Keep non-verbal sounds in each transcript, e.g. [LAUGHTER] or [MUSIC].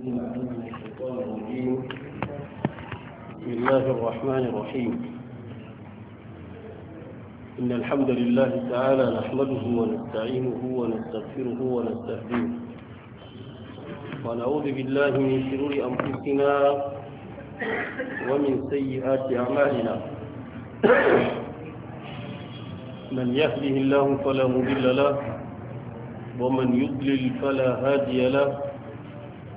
بسم الله الرحمن الرحيم إن الحمد لله تعالى نحمده ونستعينه ونستغفره ونستهديه ونعوذ بالله من شرور أنفسنا ومن سيئات أعمالنا من يهده الله فلا مضل له ومن يضلل فلا هادي له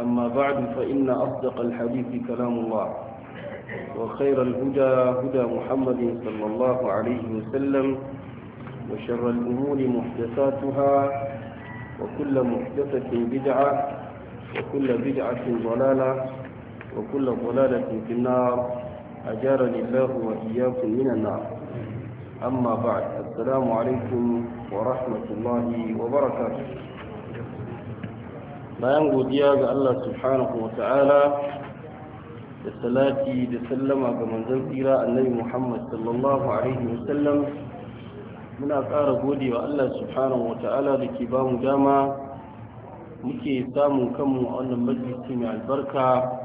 أما بعد فإن أصدق الحديث كلام الله وخير الهدى هدى محمد صلى الله عليه وسلم وشر الأمور محدثاتها وكل محدثة بدعة وكل بدعة ضلالة وكل ضلالة في النار أجارني الله وإياكم من النار أما بعد السلام عليكم ورحمة الله وبركاته bayan godiya ga Allah subhanahu wa ta'ala da salati da sallama ga manzon tsira annabi Muhammad sallallahu alaihi wa sallam muna ƙara godewa Allah subhanahu wa ta'ala da ke bamu dama muke samun kanmu a wannan majalisi mai albarka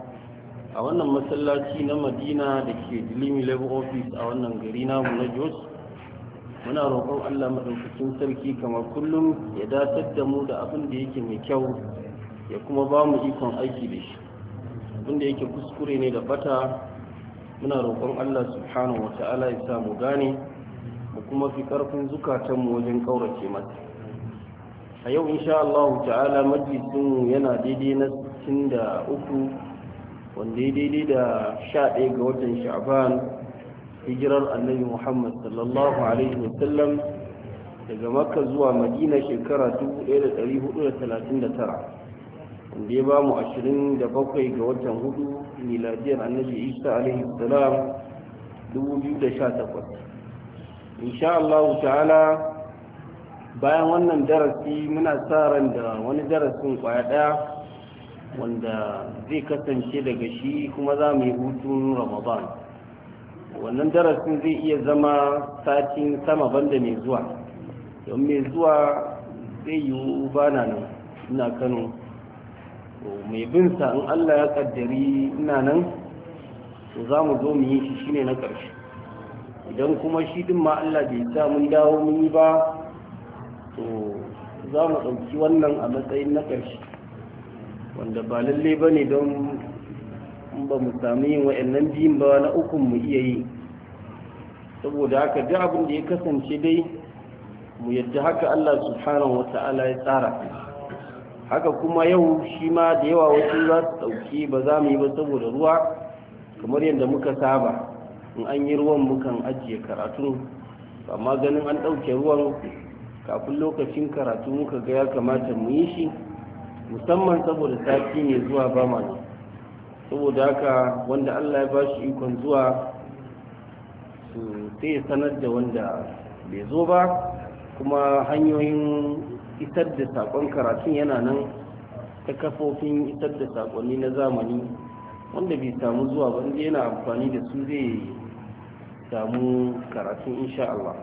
a wannan masallaci na madina da ke dilimi labor office a wannan gari namu na jos muna roƙon allah maɗaukakin sarki kamar kullum ya datar da mu da abin da yake mai kyau ya kuma ba mu ikon aiki da shi abinda yake kuskure ne da fata muna roƙon Allah subhanahu wa ta'ala ya sa mu gane mu kuma fi ƙarfin zukatanmu wajen ƙaurace mata a yau insha Allah ta'ala majisinmu yana daidai na 63 wanda ya daidai da 11 ga watan sha'ban hijirar annabi Muhammad sallallahu alaihi wasallam daga makka zuwa madina shekara 1439 da ya ba mu 27 ga watan hudu miladiyar annabi isa alaihi salam 2018 insha Allah ta'ala bayan wannan darasi muna sa ran da wani darasin kwaya daya wanda zai kasance daga shi kuma za mu yi hutun ramadan wannan darasin zai iya zama satin sama banda mai zuwa don mai zuwa zai yi bana na nan ina kano To mai bin sa in Allah ya kaddari ina nan to za zo mu yi shi shine na ƙarshe idan kuma shi din ma Allah bai sa mun dawo mun yi ba to za mu ɗauki wannan a matsayin na ƙarshe wanda ba lalle ba ne don ba mu sami yin wa'annan biyun ba na ukun mu iya yi saboda haka duk abin da ya kasance dai mu yadda haka Allah subhanahu wa ta'ala ya tsara haka kuma yau shi ma da yawa wasu za su ɗauki ba za mu yi ba saboda ruwa kamar yadda muka saba in an yi ruwan mukan ajiye karatu amma ganin an ɗauke ruwan kafin lokacin karatu muka ga ya kamata mu yi shi musamman saboda sati ne zuwa ba ma saboda haka wanda allah ya ba shi ikon zuwa su sai sanar da wanda bai zo ba kuma hanyoyin isar da sakon karatun yana nan ta kafofin isar da saƙonni na zamani wanda bai samu zuwa ba yana amfani da su zai samu karatun insha Allah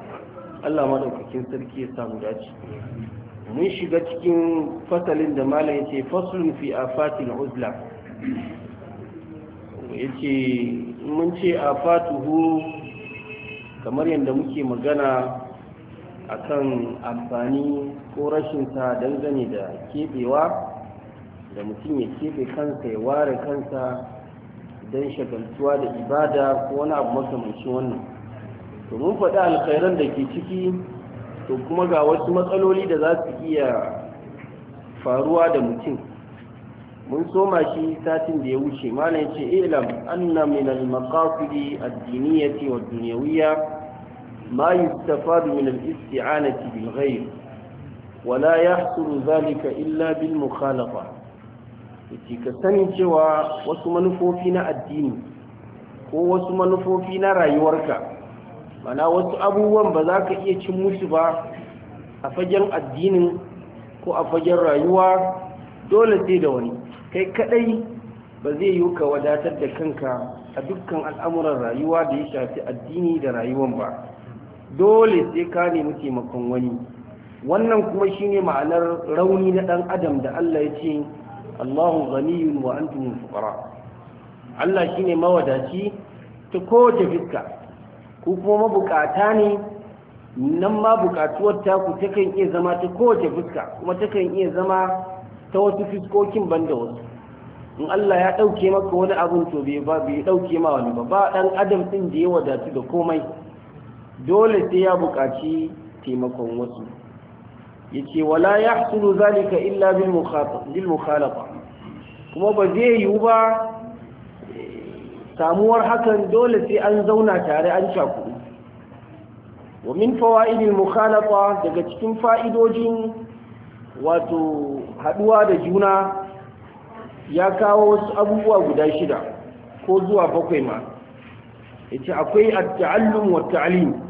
Allah daukakin sarki ya samu dace mun shiga cikin fasalin da malam yace faslun fi afatil uzla yace mun ce afatuhu kamar yadda muke magana akan amfani ko rashinsa dangane da keɓewa da mutum ya keɓe kansa ya ware kansa don shagaltuwa da ibada ko wani abu makamancin wannan to mun faɗi alkhairan da ke ciki to kuma ga wasu matsaloli da za su iya faruwa da mutum mun soma shi satin da ya wuce malam ce ilam anna min al-maqasidi ad-diniyati wad-dunyawiyya ما يستفاد من الاستعانة بالغير ولا يحصل ذلك إلا بالمخالفة كسني جوا وسمنفو فينا الدين وسمنفو فينا رايورك mana wasu abubuwan ba za ka iya cin musu ba a fagen addinin ko a fagen rayuwa dole sai da wani kai kaɗai ba zai yi ka wadatar da kanka a dukkan al'amuran rayuwa da ya shafi addini da rayuwan ba dole sai ka nemi taimakon wani wannan kuma shine ma'anar rauni na dan adam da Allah ya ce Allahu ghaniyun wa antum fuqara Allah shine mawadaci ta kowace fiska ku kuma mabukata ne nan ma bukatuwar ta takan iya zama ta kowace fuska kuma takan iya zama ta wasu fiskokin banda wasu in Allah ya ɗauke maka wani abin to bai ba bai ɗauke ma wani ba ba ɗan adam ɗin da ya wadatu da komai dole sai ya buƙaci taimakon wasu ce, wala yahsulu zalika illa bil mukhalafa kuma ba zai yiwu ba samuwar hakan dole sai an zauna tare an cakudu wa min fawaidil mukhalafa daga cikin fa'idojin wato haduwa da juna ya kawo wasu abubuwa guda shida ko zuwa bakwai ma yace akwai at-ta'allum wa ta'lim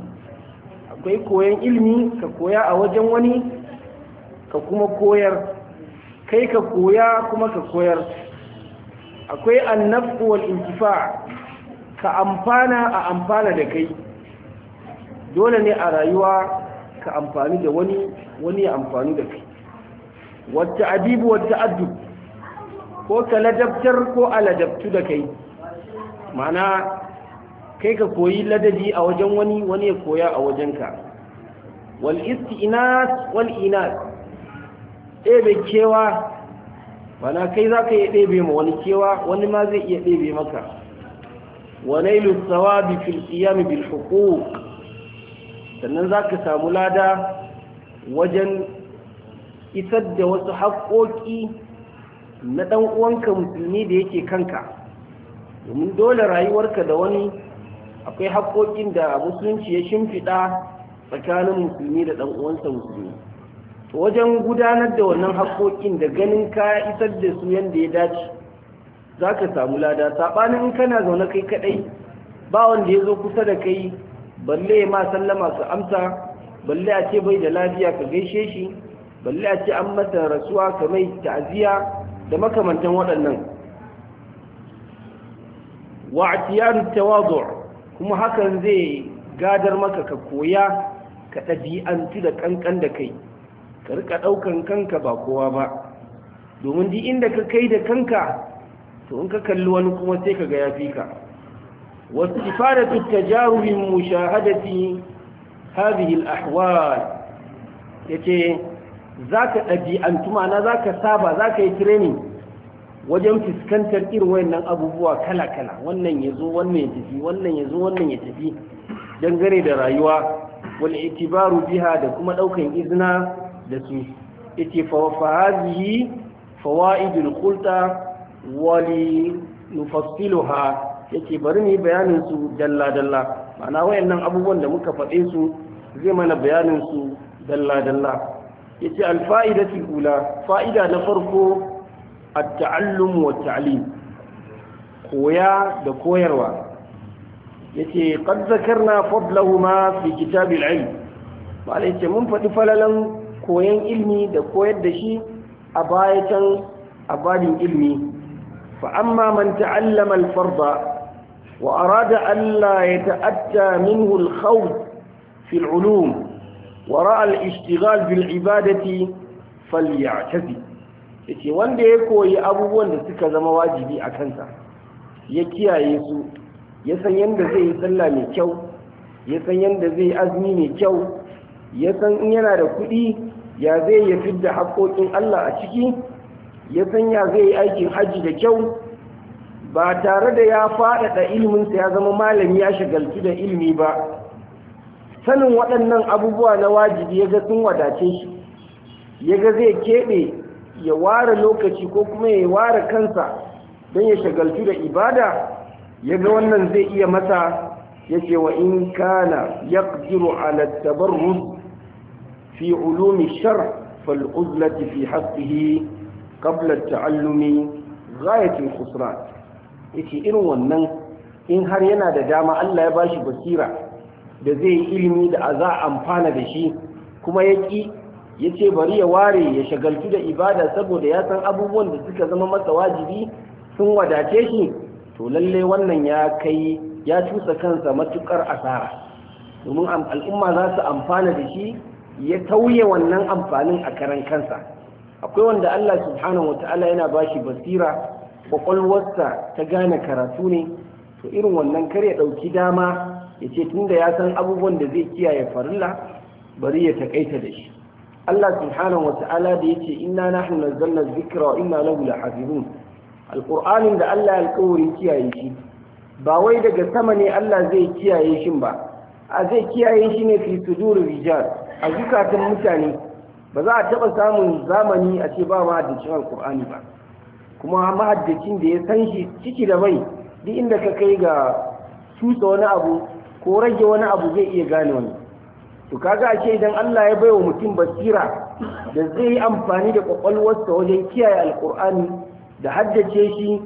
akwai koyan ilmi ka koya a wajen wani ka kuma koyar kai ka koya kuma ka koyar akwai annafu wal intifa ka amfana a amfana da kai dole ne a rayuwa ka amfani da wani wani ya amfani da kai wata adibu wata addu ko ka ladabtar ko a ladabtu da kai mana kai ka koyi ladabi a wajen wani wani ya koya a wajenka wal istinas wal inas ebe kewa bana kai za ka iya ɗebe ma wani kewa wani ma zai iya ɗebe maka walailu nailu fil qiyam bil huquq sannan za ka samu lada wajen isar da wasu haƙoƙi na ɗan uwanka musulmi da yake kanka domin dole rayuwarka da wani akwai haƙoƙin da musulunci ya shimfiɗa tsakanin musulmi da ɗan uwansa musulmi wajen gudanar da wannan haƙoƙin da ganin ka isar da su yadda ya dace za ka samu lada saɓanin in kana zaune kai kaɗai ba wanda ya zo kusa da kai balle ma sallama su amsa balle a ce bai da lafiya ka gaishe shi balle a ce an masa rasuwa ka mai ta'aziyya da makamantan waɗannan wa'tiyaru tawadhu' kuma hakan zai gadar maka ka koya ka ɗabi'antu da ƙanƙan da kai ka rika ɗaukan kanka ba kowa ba domin duk inda ka kai da kanka to in ka kalli wani kuma sai ka ga ya fi ka wasu mushahadati hadhihi al-ahwal yace zaka ɗabi'antu ma'ana zaka saba zaka yi training wajen fuskantar irin wayannan abubuwa kala-kala wannan ya zo wannan ya tafi wannan ya zo wannan ya tafi dangane da rayuwa wal itibaru biha da kuma daukan izina da su yace fa fa hadhihi fawaidul qulta wa nufassiluha yace bari ni bayanin su dalla dalla ma'ana wayannan abubuwan da muka faɗe su zai mana bayanin su dalla dalla yace al fa'idatu ula fa'ida na farko التعلم والتعليم قويا دكويا يتي قد ذكرنا فضلهما في كتاب العلم وعليك منفت فللا قويا علمي دكويا دشي أباية أبالي علمي فأما من تعلم الفرض وأراد أن لا يتأتى منه الخوف في العلوم ورأى الاشتغال بالعبادة فليعتذي yace wanda ya koyi abubuwan da suka zama wajibi a kansa ya kiyaye su ya san yadda zai yi sallah mai kyau ya san yadda zai yi azumi mai kyau ya san in yana da kuɗi ya zai ya fi da haƙoƙin Allah a ciki ya san ya zai yi aikin hajji da kyau ba tare da ya faɗaɗa ilminsa ya zama malami ya shigaltu da ilimi ba sanin waɗannan abubuwa na wajibi ya ga sun wadace shi ya ga zai keɓe ya ware lokaci ko kuma ya ware kansa don ya shagaltu da ibada ya ga wannan zai iya masa ya ce wa in kana ya ƙiru alattabarruz fi ulumi shar fal'uzlati fi haskihi ƙablar ta'allumi ghayatin khusran ya ce irin wannan in har yana da dama allah ya bashi basira da zai ilimi da a za amfana da shi kuma ya ƙi ya ce bari ya ware ya shagaltu da ibada saboda ya san abubuwan da suka zama masa wajibi sun wadace shi to lalle wannan ya kai ya cusa kansa matukar asara domin al'umma za su amfana da shi ya tauye wannan amfanin a karan kansa akwai wanda Allah subhanahu wata'ala yana shi basira kwakwalwarsa ta gane karatu ne to irin wannan kar ya ɗauki dama ya ce tunda ya san abubuwan da zai kiyaye farilla bari ya takaita da shi Allah subhanahu wata'ala da yace inna nahnu nazzalna dhikra wa inna lahu lahafizun alqur'anin da Allah alƙawarin kiyaye shi ba wai daga sama ne Allah zai kiyaye shi ba a zai kiyaye shi ne fi sudur rijal a zukatan mutane ba za a taɓa samun zamani a ce ba mahaddacin Alƙur'ani ba kuma mahaddacin da ya san shi ciki da mai duk inda ka kai ga tutsa wani abu ko rage wani abu zai iya gane wani to kaga ake idan Allah ya baiwa mutum basira da zai yi amfani da kwakwalwarsa wajen kiyaye alkur'ani da haddace shi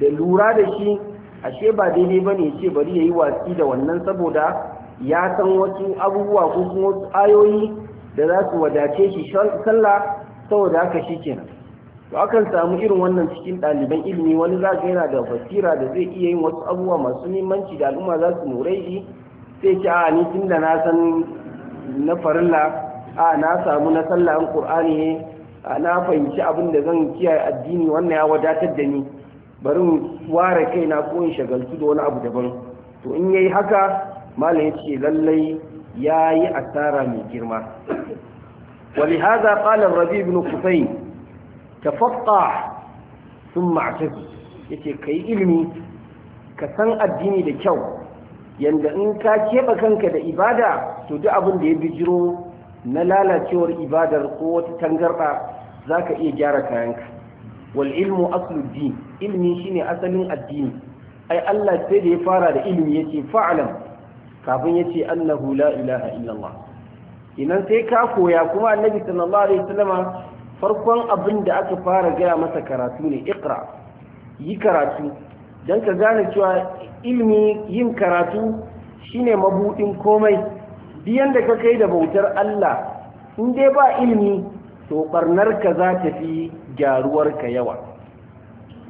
da lura da shi ashe ba daidai ba ne ce bari ya yi watsi da wannan saboda ya san wasu abubuwa ko kuma wasu ayoyi da za su wadace shi sallah saboda haka shi kenan to akan samu irin wannan cikin ɗaliban ilimi wani za ka yana da basira da zai iya yin wasu abubuwa masu muhimmanci da al'umma za su more shi sai ce a ni tun da na san na farilla a na samu na sallah an qur'ani ne a na fahimci abin da zan kiyaye addini wannan ya wadatar da ni bari ware kaina ko in shagaltu da wani abu daban to in yayi haka malam yace lallai yayi asara mai girma ولهذا قال rabi بن قفين تفقه ثم اعتزل yace kai ilimi ka san addini da kyau yanda in ka keɓe kanka da ibada to duk abin da ya bijiro na lalacewar ibadar ko wata tangarɗa za ka iya gyara kayanka wal ilmu aslu din ilmi shine asalin addini ai Allah sai da ya fara da ilmi ce fa'lam kafin yace annahu la ilaha illallah idan sai ka koya kuma annabi sallallahu alaihi wasallama farkon abin da aka fara gaya masa karatu ne iqra yi karatu dan ka gane cewa ilmi yin karatu shine mabudin komai biyan da ka kai da bautar Allah in dai ba ilmi to barnarka za ta fi gyaruwarka yawa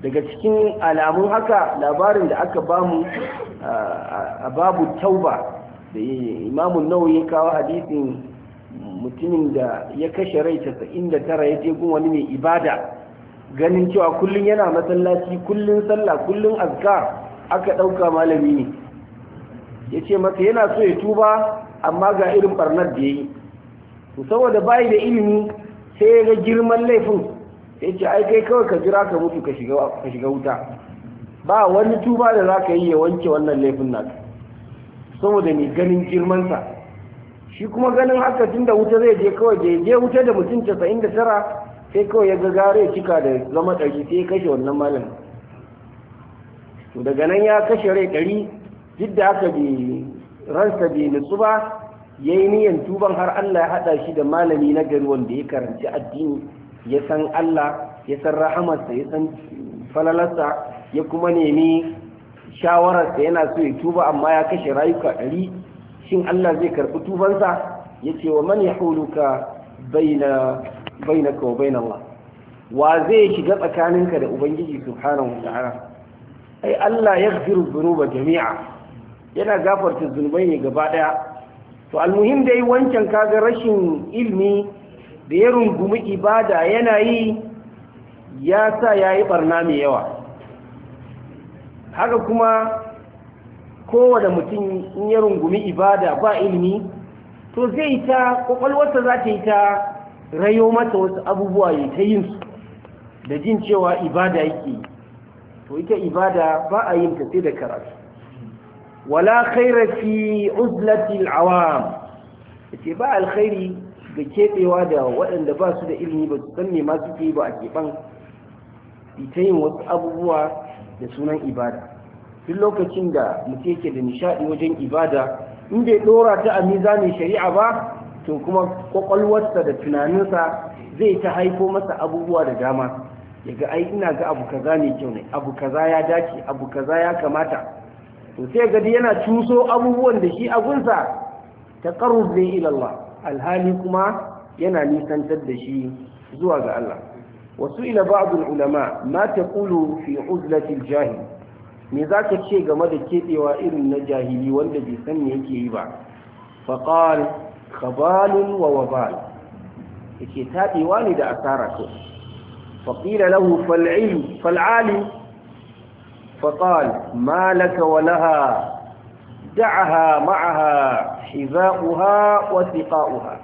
daga cikin alamun haka labarin da aka bamu a babu tauba da imamun nauyi kawo hadisin mutumin da ya kashe rai da tara ya je gun wani mai ibada ganin cewa kullum yana masallaci kullum sallah kullum azkar aka ɗauka malami ne ya ce maka yana so ya tuba amma ga irin ɓarnar da ya yi saboda bayi da ilimi sai ya ga girman laifin ya ce ai kai kawai ka jira ka mutu ka shiga wuta ba wani tuba da za ka yi ya wanke wannan laifin naka saboda mai ganin girmansa shi kuma ganin haka tun da wuta zai je kawai da je wuta da mutum casa'in da tara sai kawai ya ga gare cika da zama ɗari sai ya kashe wannan malamin to daga nan ya kashe rai ɗari duk da haka bi ransa bai nutsu ba ya yi niyan tuban har Allah ya haɗa shi da malami na gari wanda ya karanci addini ya san Allah ya san rahamarsa ya san falalarsa ya kuma nemi shawararsa yana so ya tuba amma ya kashe rayuka ɗari shin Allah zai karɓi tubansa ya ce wa man ya na kawo wa na Allah wa zai shiga tsakaninka da Ubangiji subhanahu wa ta'ala ai Allah ya gafiru zunuba jami'a yana gafarta zunubai ne gaba ɗaya, to almuhim da dai wancan kaga rashin ilmi da ya rungumi ibada yana yi ya sa ya yi barna mai yawa haka kuma kowane mutum in ya rungumi ibada ba ilmi to zai ta kwakwalwarsa za ta yi ta rayo mata wasu abubuwa ya ta yin su da jin cewa ibada yake yi to ita ibada ba a yin ta sai da karatu wala khaira fi uzlati al-awam ce ba alkhairi ga kebewa da waɗanda ba su da ilimi ba su san me ma suke ba a keban ita yin wasu abubuwa da sunan ibada duk lokacin da mutum yake da nishaɗi wajen ibada in bai dora ta a mizanin shari'a ba to kuma kwakwalwarsa da tunaninsa zai ta haifo masa abubuwa da dama ya ga ai ina ga abu kaza ne kyau ne abu kaza ya dace abu kaza ya kamata to sai gadi yana cuso abubuwan da shi abunsa ta qarrub ne ila alhali kuma yana nisantar da shi zuwa ga Allah wasu ila ba'd ulama ma taqulu fi uzlatil al-jahil me zaka ce game da keɓewa irin na jahili wanda bai san me yake yi ba faqal khabalun wa wabal yake taɗewa ne da asara فقيل له فالعلم فالعالم فقال ما لك ولها دعها معها حذاؤها وثقاؤها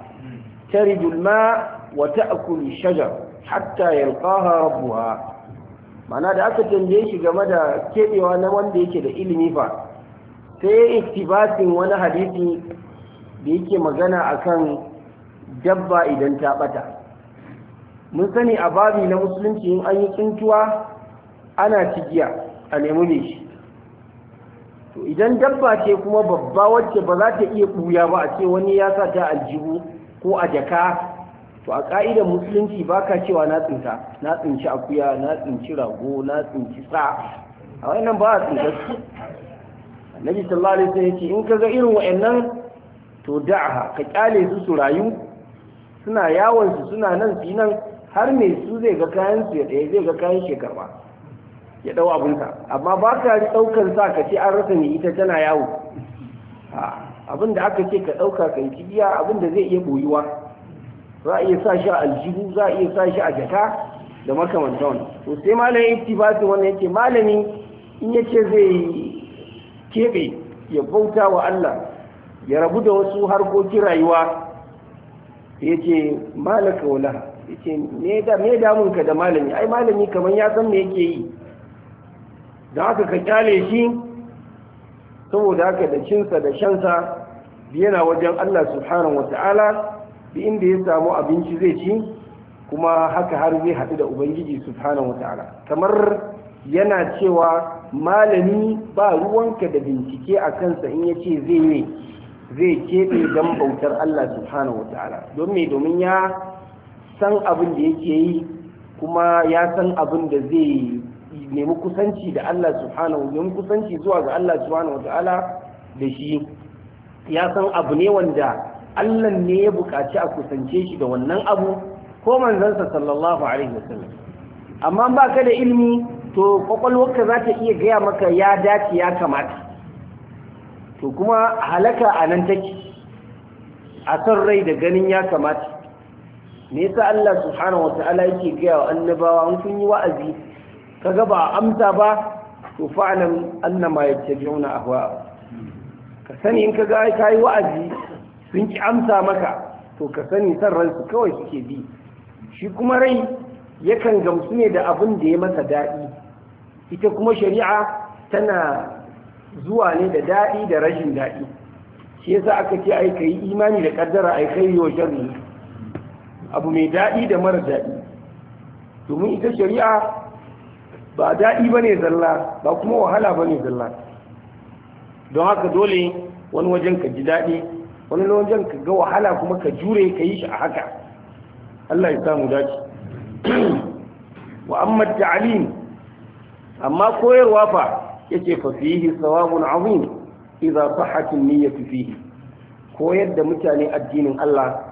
ترد الماء وتأكل الشجر حتى يلقاها ربها معنى da aka tambaye shi game da keɓewa na wanda yake da ilimi fa sai iktibasin wani hadisi da yake magana akan dabba idan ta ɓata. mun sani a babi na musulunci in an yi tsuntuwa ana cigiya a nemi ne shi to idan dabba ce kuma babba wacce ba za ta iya ɓuya ba a ce wani ya sa ta aljihu ko a jaka to a ƙa'idar musulunci ba ka cewa na tsinta na tsinci akuya na tsinci rago na tsinci sa a wannan ba a tsinta su annabi sallallahu alaihi wasallam yace in ka ga irin wa'annan to da'aha ka kyale su su rayu suna yawon su suna nan su nan har mai su zai ga kayan su ya ɗaya zai ga kayan shekarwa ya ɗau abinsa amma ba ka ɗaukar sa ka ce an rasa ne ita tana yawo abin da aka ce ka ɗauka yi kibiya abin da zai iya boyuwa za a iya sa shi a aljihu za a iya sa shi a jaka da makamanta wani to sai malamin wani ya ce. malami in yace zai keɓe ya bauta wa Allah ya rabu da wasu harkokin rayuwa ce malaka walaha yake ya da damun ka da malami ai malami kaman ya san me yake yi da haka ka kyale shi saboda haka da cinsa da shansa yana wajen Allah subhanahu wata'ala da inda ya samu abinci zai ci kuma haka har zai haɗu da ubangiji subhanahu wata'ala kamar yana cewa malami ba ruwanka da bincike a kansa in ya ce zai ne zai keɓe don bautar Allah subhanahu wata'ala don me domin ya san abin da yake yi kuma ya san abin da zai nemi kusanci da Allah subhanahu nemi kusanci zuwa ga Allah subhanahu wata'ala da shi ya san abu ne wanda Allah ne ya buƙaci a kusance shi da wannan abu ko manzansa sallallahu alaihi wasallam amma ba ka da ilimi to kwakwalwarka za ta iya gaya maka ya dace ya kamata to kuma halaka a nan take a son rai da ganin ya kamata me yasa Allah subhanahu wataala yake gaya wa annabawa an kun yi wa'azi kaga ba amsa ba to fa'lam annama yattabi'una ahwa ka sani in kaga kai wa'azi sun ki amsa maka to ka sani san ransu kawai suke bi shi kuma rai yakan gamsu ne da abin da ya masa daɗi ita kuma shari'a tana zuwa ne da daɗi da rashin daɗi shi yasa aka ce ai kai imani da kaddara ai kai yo sharri abu mai daɗi da mara daɗi domin ita shari'a ba daɗi ba ne zalla ba kuma wahala ba ne zalla don haka dole wani wajen ka ji daɗi wani wajen ka ga wahala kuma ka jure ka yi shi a haka Allah ya samu daji. [CLEARS THROAT] wa amma ta'alim amma koyarwa fa yake fa fihi sawabun azim idza sahhat an fihi koyar da mutane addinin Allah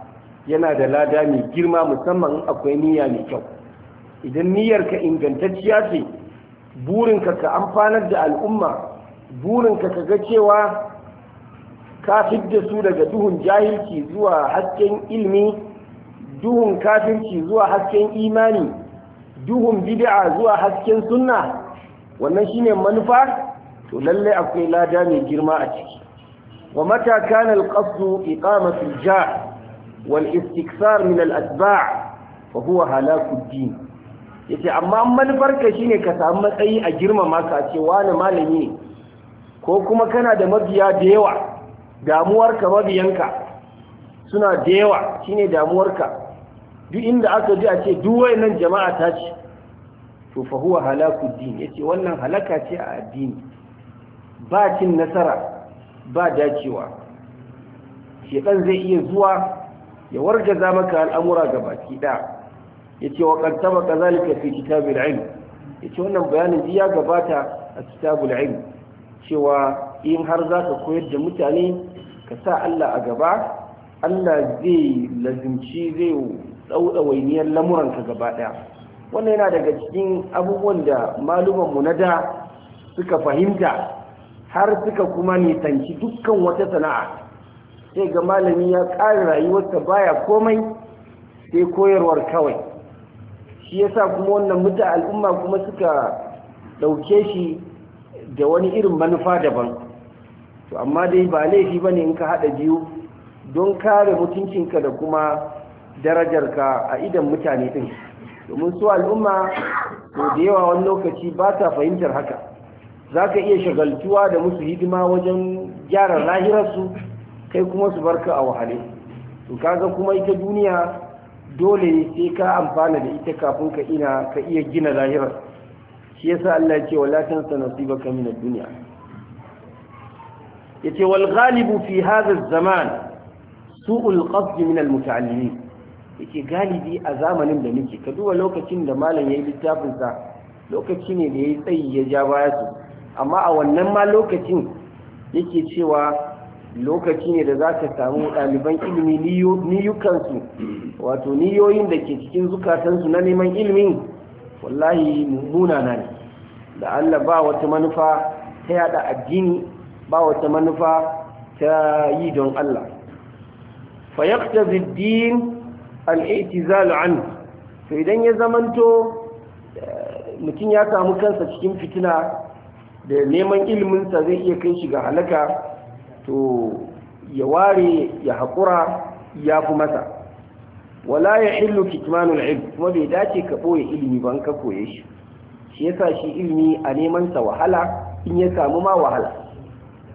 yana da lada mai girma musamman akwai niyya mai kyau idan niyyarka ingantacciya ce burinka ka amfanar da al'umma burinka ka ga cewa ka da su daga duhun jahilci zuwa hasken ilmi duhun kafinci zuwa hasken imani duhun bid'a zuwa hasken sunna wannan shine manufa to lallai akwai lada mai girma a ciki wa mata kana al-qasdu iqamatu jah والاستكثار من الأتباع فهو هلاك الدين yace amma manufarka ka shine ka samu matsayi a girmama ka ce wani malami ne ko kuma kana da mabiya da yawa damuwar ka mabiyanka suna da yawa shine damuwar ka duk inda aka ji a ce duk wayannan jama'a ta ce to fa huwa halakud din yace wannan halaka ce a addini ba cin nasara ba dacewa shekan zai iya zuwa ya za maka al'amura ga baki da yace wa qad maka zalika fi kitabil ilm ce wannan bayanin ji ya gabata a kitabul ilm cewa in har za ka koyar da mutane ka sa Allah a gaba Allah zai lazimci zai dauda wainiyar lamuranka gaba ɗaya wannan yana daga cikin abubuwan da malumanmu na da suka fahimta har suka kuma nisanci dukkan wata sana'a sai ga malami ya ƙara rayuwarsa baya komai sai koyarwar kawai shi yasa kuma wannan muta al'umma kuma suka ɗauke shi da wani irin manufa daban to amma dai ba laifi ba ne in ka haɗa biyu don kare mutuncinka da kuma darajarka a idan mutane ɗin domin su al'umma to da yawa wani lokaci ba ta fahimtar haka za ka iya shagaltuwa da musu hidima wajen gyara lahirarsu kai kuma su barka a wahale to kaga kuma ita duniya dole sai ka amfana da ita kafin ka ina ka iya gina lahirar shi yasa Allah ya ce wala tansa nasibaka min ad-dunya yace wal ghalibu fi hadha zaman su'ul qasd min al-muta'allimin yake galibi a zamanin da muke ka duba lokacin da malam yayi littafin sa lokaci ne da yayi tsayi ya ja baya su amma a wannan ma lokacin yake cewa lokaci ne da za ka samu ɗaliban ilimi niyukansu wato niyoyin da ke cikin zukatansu na neman ilimin wallahi mummuna na da Allah ba wata manufa ta yada addini ba wata manufa ta yi don Allah fa ziddin din al-i'tizal an to idan ya zamanto eh, mutum ya samu kansa cikin fitina da neman iliminsa zai iya kai shi ga halaka to ya ware ya haƙura ya fi masa wala ya hillu kitmanul ilm kuma bai dace ka ɓoye ilimi ban ka koye shi shi yasa shi ilimi a neman sa wahala in ya samu ma wahala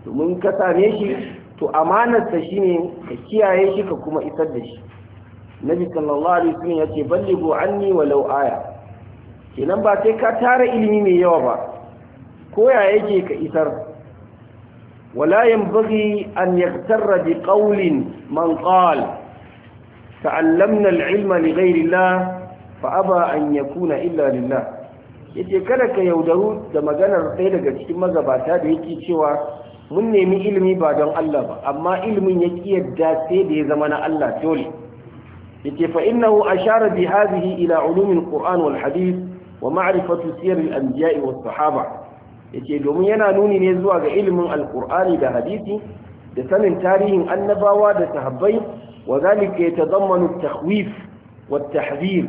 domin ka same shi to amanarsa shine ka kiyaye shi ka kuma isar da shi nabi sallallahu alaihi wasallam yace ballighu anni walau aya kenan ba sai ka tara ilimi mai yawa ba ko ya yake ka isar ولا ينبغي أن يغتر بقول من قال تعلمنا العلم لغير الله فأبى أن يكون إلا لله yace kada ka yaudaru da maganar ɗaya daga cikin magabata da yake cewa mun nemi ilimi ba don Allah ba amma ilimin ya ƙi yadda sai da ya zama na Allah dole yake fa innahu ashara bi hadhihi ila ulumil qur'an wal hadith wa ma'rifatu sirr al anbiya'i was sahaba yace domin yana nuni ne zuwa ga ilimin alkur'ani da hadisi da sanin tarihin annabawa da sahabbai wa zalika yatadammanu at-takhwif wat-tahdhir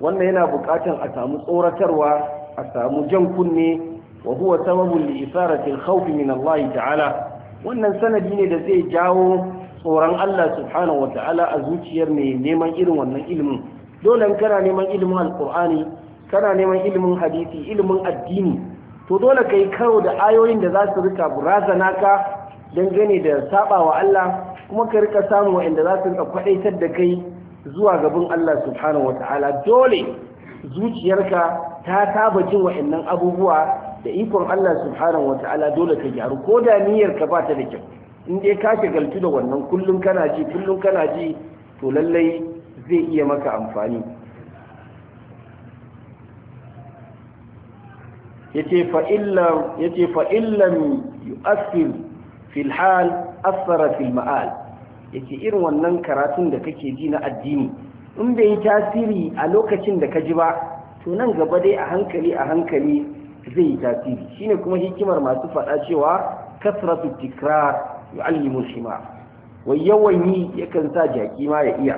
wannan yana buƙatar a samu tsoratarwa a samu jan kunne wa huwa sababun li isarati al-khawf min Allah ta'ala wannan sanadi ne da zai jawo tsoron Allah subhanahu wa ta'ala a zuciyar mai neman irin wannan ilimin dole kana neman ilimin alkur'ani kana neman ilimin hadisi ilimin addini to dole ka yi karo da ayoyin da za su rika naka ka dangane da saba wa Allah kuma ka rika samun waɗanda za su rika kwaɗaitar da kai zuwa gaban Allah subhanahu wata'ala dole zuciyarka ta saba jin wa'annan abubuwa da ikon Allah subhanahu wata'ala dole ka gyaru ko da niyyar ka ba ta da kyau in dai ka shagaltu da wannan kullum kana ji kullum kana ji to lallai zai iya maka amfani Ya ce illam yace irin wannan karatun da kake ji na addini in bai yi tasiri a lokacin da ka ji ba to nan gaba dai a hankali a hankali zai yi tasiri shine kuma hikimar masu faɗa cewa kasratu tikrar shi ma wai yawan yi yakan sa jaki ma ya iya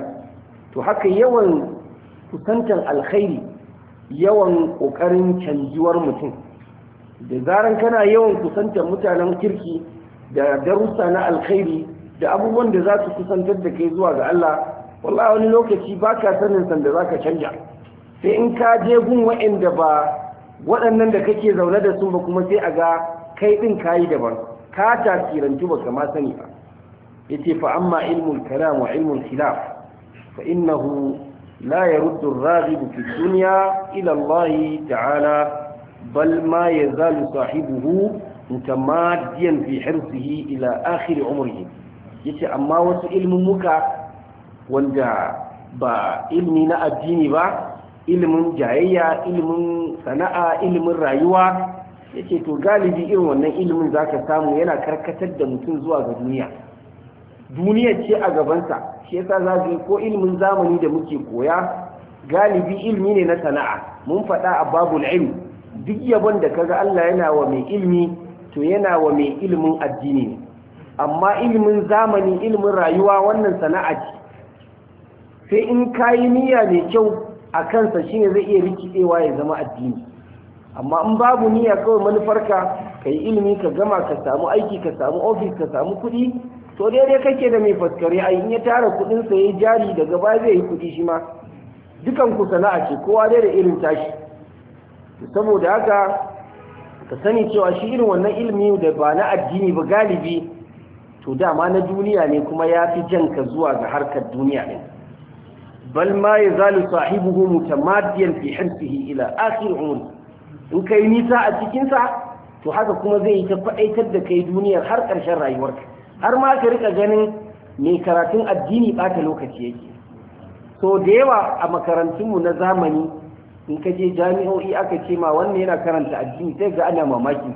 to haka yawan kusantan alkhairi yawan ƙoƙarin canjiwar mutum da zaran kana yawan kusantar mutanen kirki da darussa na alkhairi da abubuwan da za su kusantar da kai zuwa ga Allah wallahi wani lokaci baka sanin san da ka canja sai in ka je gun waɗanda ba waɗannan da kake zaune da su ba kuma sai a ga kai ɗin kayi daban ka tasirantu ba ma sani ba yace fa amma ilmul kalam wa ilmul khilaf fa innahu la yaruddu ar-raghib fi dunya ila Allah ta'ala bal ma ya zalu sahibuhu mutamadiyan fi hirsihi ila akhir umrihi yace amma wasu ilmin muka wanda ba ilmi na addini ba ilmin jayayya ilmin sana'a ilimin rayuwa yace to galibi irin wannan ilimin zaka samu yana karkatar da mutum zuwa ga duniya duniya ce a gabansa shi yasa za ko ilimin zamani da muke koya galibi ilmi ne na sana'a mun faɗa a babul ilmi duk yabon da kaga Allah yana wa mai ilmi to yana wa mai ilmin addini ne amma ilmin zamani ilmin rayuwa wannan sana'a ce sai in kayi niyya mai kyau a kansa shine zai iya rikidewa ya zama addini amma in babu niyya kawai manufarka ka yi ilimi ka gama ka samu aiki ka samu ofis ka samu kuɗi to daidai kake da mai faskare a in ya tara kuɗinsa ya yayi jari daga ba zai yi kuɗi shi ma dukan ku sana'a ce kowa dai da irin tashi saboda haka ka sani cewa shi irin wannan ilimi da ba na addini ba galibi to dama na duniya ne kuma ya fi janka zuwa ga harkar duniya ne bal ma ya zalu sahibuhu mutamadiyan fi hirsihi ila akhir umri in kai nisa a cikin sa to haka kuma zai yi ta faɗaitar da kai duniyar har ƙarshen rayuwarka har ma ka rika ganin mai karatun addini ɓata lokaci yake so da yawa a makarantunmu na zamani in ka je jami'o'i aka ce ma wannan yana karanta addini sai ga ana mamaki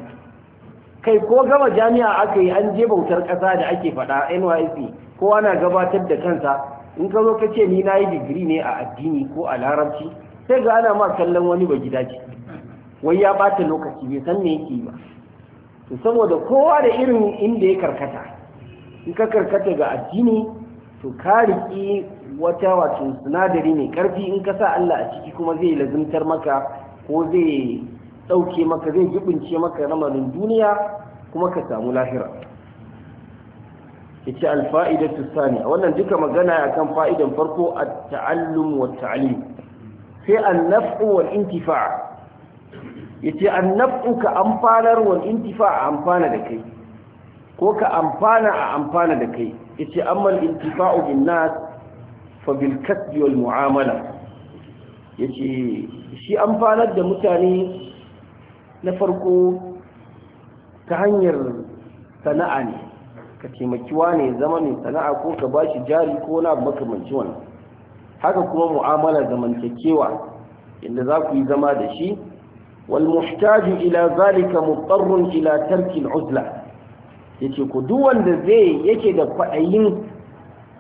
kai ko gama jami'a aka yi an je bautar ƙasa da ake faɗa NYC ko ana gabatar da kansa in ka zo ka ce ni na yi digiri ne a addini ko a larabci sai ga ana ma kallon wani ba gida ce wai ya bata lokaci bai san me yake ba to saboda kowa da irin inda ya karkata in ka karkata ga addini to ka riƙi wata wato sinadari mai karfi in ka sa Allah a ciki kuma zai lazimtar maka ko zai ɗauke maka zai jibince maka ramarin duniya kuma ka samu lahira yace alfa'idatu a wannan duka magana akan fa'idan farko a taallum wa talim sai an-naf'u wal intifa' yace an-naf'u ka amfanar wal intifa' amfana da kai ko ka amfana a amfana da kai yace amma al-intifa'u bin nas Fabil kasbi wal mu'amala yace shi amfanar da mutane na farko ta hanyar sana'a ne ka taimakiwa ne zama mai sana'a ko ka bashi jari ko na makamanci wani. haka kuma mu'amala zamantakewa inda za ku yi zama da shi wal muhtaju ila zalika mutarrun ila uzla yace ku duwanda wanda zai yake da faɗayin.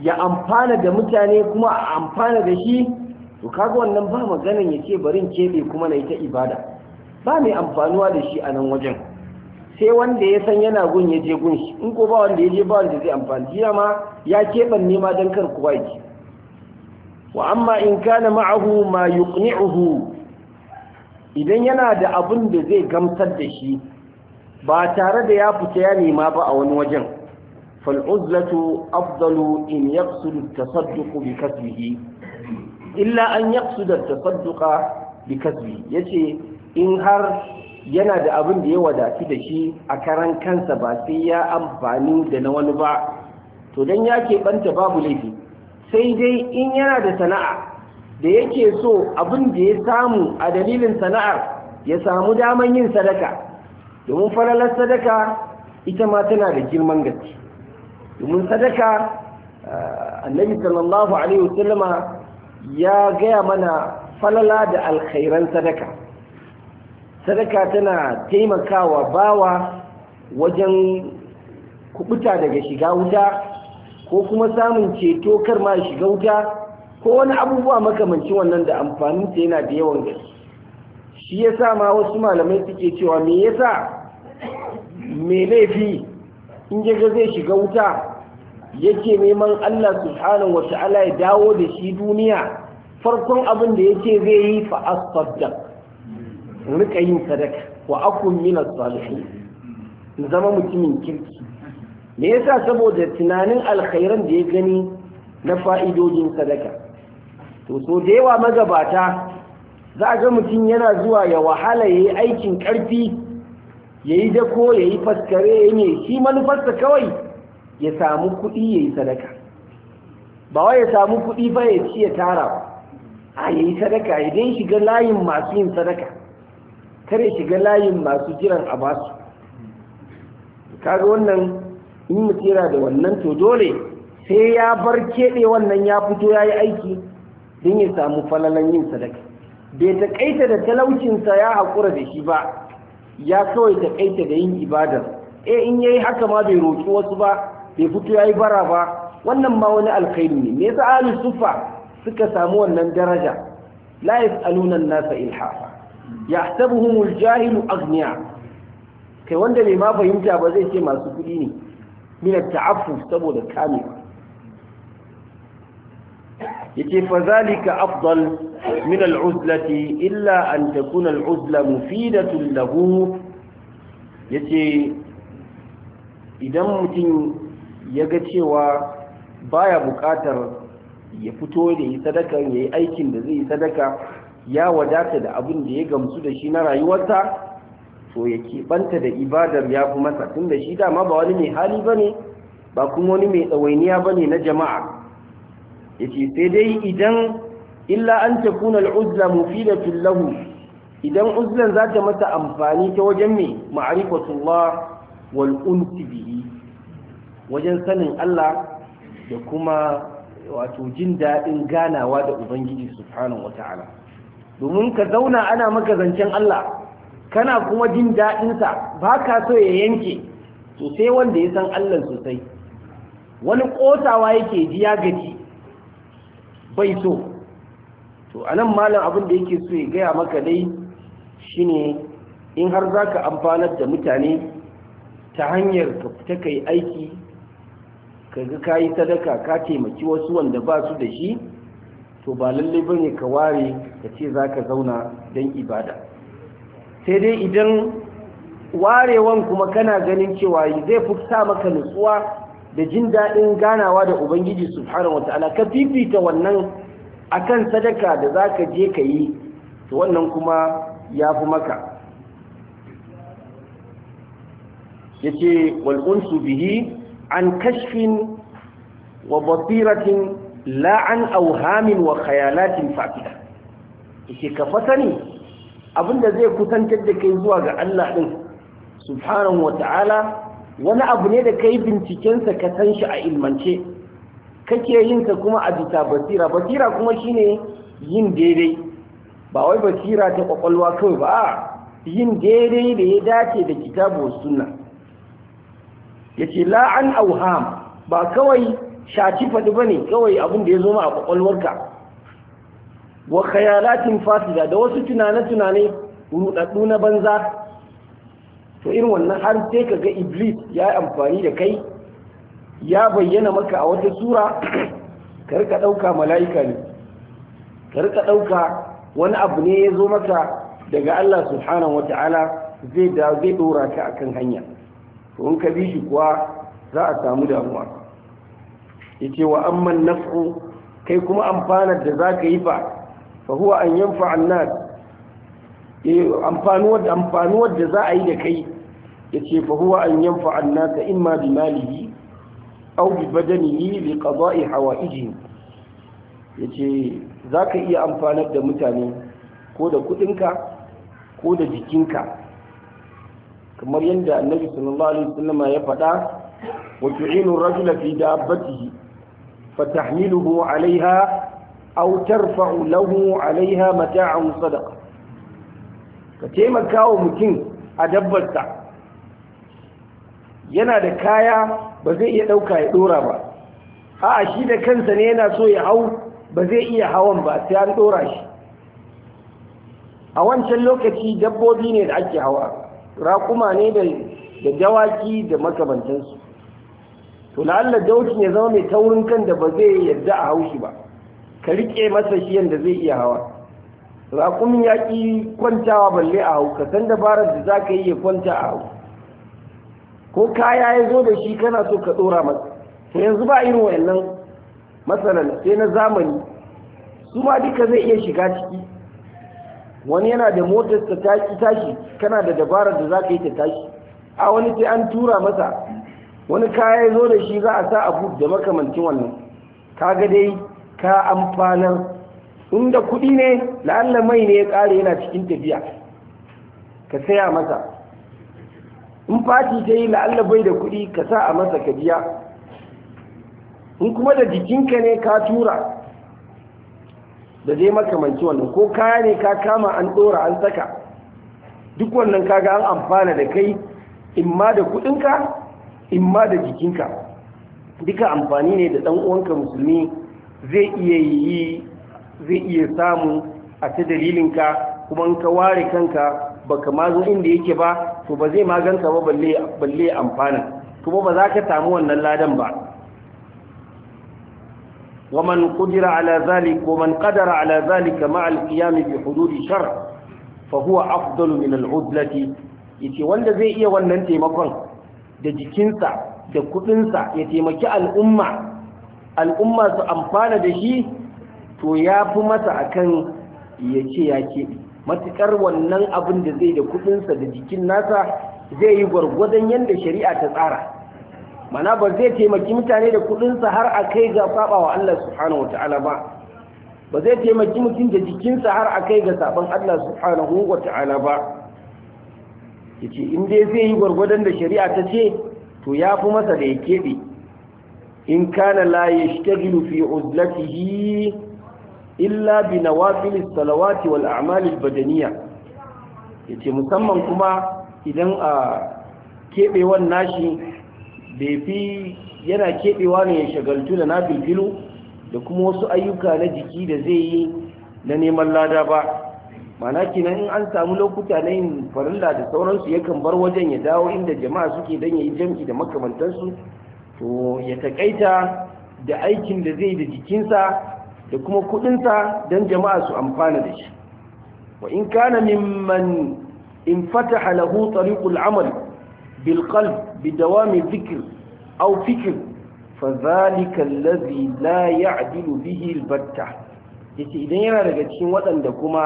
ya amfana da mutane kuma a amfana da shi to kaga wannan ba maganan ya ce barin keɓe kuma na ta ibada ba mai amfanuwa da shi a nan wajen sai wanda ya san yana gun ya je gun shi in ko ba wanda ya je ba wanda zai amfani jiya ma ya keɓan nema don kar kuwa yake wa amma in kana ma'ahu ma yuqni'uhu idan yana da abun da zai gamsar da shi ba tare da ya fita ya nema ba a wani wajen فالعزلة أفضل in يقصد التصدق بكسبه إلا أن يقصد التصدق بكسبه يتي yana da abin da ya wadatu da shi a karan kansa ba sai ya amfani da na wani ba to don ya keɓanta babu laifi sai dai in yana da sana'a da yake so abin da ya samu a dalilin sana'ar ya samu daman yin sadaka domin faralar sadaka ita ma tana da girman gaske domin sadaka eh, annabi sallallahu alaihi wasallama ya gaya mana falala da alkhairan sadaka sadaka tana taimakawa bawa wajen kubuta daga shiga wuta ko kuma samun ceto kar ma shiga wuta ko wani abubuwa makamancin wannan da amfanin ta yana da yawan gaske shi yasa ma wasu malamai suke cewa me yasa me laifi in ga zai shiga wuta yake neman Allah subhanahu wata'ala ya dawo da shi duniya farkon abin da yake zai yi fa as rika yin sadaka wa akun min as-salihin zama mutumin kirki me yasa saboda tunanin alkhairan da ya gani na fa'idojin sadaka to so da yawa magabata za ga mutum yana zuwa ya wahala yayi aikin karfi yayi dako yayi faskare ne shi manufarsa kawai ya samu kuɗi ya yi sadaka ba wa ya samu kuɗi ba ya ci ya tara ba a ya yi sadaka idan shiga layin masu yin sadaka kare shiga layin masu jiran a basu kaga wannan in mutum da wannan to dole sai ya bar keɗe wannan ya fito ya yi aiki don ya samu falalan yin sadaka bai taƙaita da talaucinsa ya haƙura da shi ba ya kawai taƙaita da yin ibadar Eh in yayi haka ma bai roƙi wasu ba bai fito yi bara ba wannan ma wani alkhairi ne za a ahlus sufa suka samu wannan daraja Laif alunan nasa ilhafa yahsabuhum al-jahilu agniya. kai wanda bai ma fahimta ba zai ce masu kuɗi ne min at-ta'affuf saboda Ya ce fa zalika afdal min al illa an takuna al-uzla mufidatun lahu yace idan mutum ya ga cewa baya buƙatar ya fito da yi sadaka ya yi aikin da zai yi sadaka ya wadata da abin da ya gamsu da shi na rayuwarsa to ya keɓanta da ibadar ya fi masa tun da shi dama ba wani mai hali ba ne ba kuma wani mai tsawainiya ba ne na jama'a ya ce sai dai idan illa an ta kuna al'uzla da fillahu idan uzlan za ta mata amfani ta wajen mai ma'arifatullah wal wajen sanin Allah da kuma wato jin daɗin ganawa da Ubangiji subhanahu wata'ala domin ka zauna ana maka zancen Allah kana kuma jin daɗinsa ba ka so ya yanke sosai wanda ya san Allah sosai wani ƙosawa yake ji ya gaji bai so to anan malam abin da yake so ya gaya maka dai shine in har za ka amfanar da mutane ta hanyar ka fita kai aiki kaga ka yi sadaka ka taimaki wasu wanda ba su da shi to ba lallai bane ka ware ka ce za ka zauna dan ibada sai dai idan warewan kuma kana ganin cewa zai fi sa maka nutsuwa da jin daɗin ganawa da ubangiji subhanahu wata'ala ka fifita wannan akan sadaka da za ka je ka yi to wannan kuma ya fi maka ya ce wal'unsu bihi an kashfin wa basiratin la'an auhamin wa khayalatin fa'ida yake ka fata ne abinda zai kusantar da kai zuwa ga Allah din subhanahu wata'ala wani abu ne da kai bincikensa ka san shi a ilmance kake yin ta kuma a bisa basira basira kuma shine yin daidai ba wai basira ta kwakwalwa kawai ba yin daidai da ya dace da kitabu sunna yace la'an auham ba kawai shaci faɗi bane kawai abin da ya zo ma a kwakwalwarka wa khayalatin fasida da wasu tunane tunane rudaddu na banza to irin wannan har sai kaga iblis ya yi amfani da kai ya bayyana maka a wata sura [CLEARS THROAT] ka rika dauka mala'ika ne ka rika dauka wani abu ne ya zo maka daga Allah subhanahu wata'ala zai da zai dora ka akan hanya to in ka bi shi kuwa za a samu damuwa yace wa amman naf'u kai kuma amfanar da zaka yi fa fa huwa an yanfa annas eh amfanuwar amfanuwar da za a yi da kai yace fa huwa an yanfa annas imma bi malihi aw bi badanihi li qada'i hawaijihi yace zaka iya amfanar da mutane ko da kuɗinka ko da jikinka kamar yadda annabi sallallahu alaihi wasallam ya faɗa wa tu'inu rajula fi dabbatihi fa tahmiluhu alaiha aw tarfa'u lahu alaiha mata'an sadaqa ka taimaka wa mutum a dabbarsa yana da kaya ba zai iya ɗauka ya ɗora ba a shi da kansa ne yana so ya hau ba zai iya hawan ba sai an ɗora shi a wancan lokaci dabbobi ne da ake hawa Rakuma ne da jawaki da makamantansu to da dokin ya zama mai taurin kan da ba zai yarda a haushi ba ka riƙe masa shi yadda zai iya hawa raƙumin ya ƙi kwantawa balle a hau ka san dabarar da za ka yi ya kwanta a hau ko kaya ya zo da shi kana so ka ɗora masa to yanzu ba irin wayannan matsalar sai na zamani su ma duka zai iya shiga ciki wani yana da motar ta taki tashi kana da dabarar da za ka yi ta tashi a wani sai an tura masa wani kaya zo da shi za a sa abu da makamancin wannan kaga dai ka amfanar inda kuɗi ne la'alla mai ne ya ƙare yana cikin tafiya ka saya masa in fati ta yi la'alla bai da kuɗi ka sa a masa ka biya in kuma da jikinka ne ka tura da dai makamanci wannan ko kaya ne ka kama an ɗora an saka duk wannan kaga an amfana da kai imma da kuɗinka imma da jikinka duka amfani ne da ɗan uwanka musulmi zai iya yi zai iya samu a ta dalilinka kuma ka ware kanka baka ma zo inda yake ba to ba zai maganka ba balle balle amfana kuma ba za ka samu wannan ladan ba ومن قدر على ذلك ومن قدر على ذلك مع القيام بحدود شرع Abdul أفضل من العدلة yace wanda zai iya wannan taimakon da jikinsa da kudinsa ya taimaki al'umma su amfana da shi to ya fi masa akan ya ce ya keɓe wannan abin da zai da kudinsa da jikin nasa zai yi gwargwadon yadda shari'a ta tsara mana ba zai taimaki mutane da kudinsa har a kai ga saba wa Allah subhanahu wata'ala ba ba zai taimaki mutum da jikinsa har a kai ga saban Allah subhanahu wata'ala ba yace in dai zai yi gwargwadon da shari'a ta ce to ya fi masa da ya keɓe in kana la yashtagilu fi uzlatihi illa bi nawafil salawati wal a'mal al badaniya yace musamman kuma idan a keɓewan nashi bai fi yana keɓewa ne ya shagaltu da na filfilu da kuma wasu ayyuka na jiki da zai yi na neman lada ba mana kenan in an samu lokuta na yin farilla da sauransu yakan bar wajen ya dawo inda jama'a suke don ya yi jam'i da makamantansu to ya taƙaita da aikin da zai da jikinsa da kuma kuɗinsa don jama'a su amfana da shi wa in kana mimman in fata halahu tariqul amal بالقلب بدوام ذكر أو فكر فذلك الذي لا يعدل به البتة yace idan yana daga cikin waɗanda kuma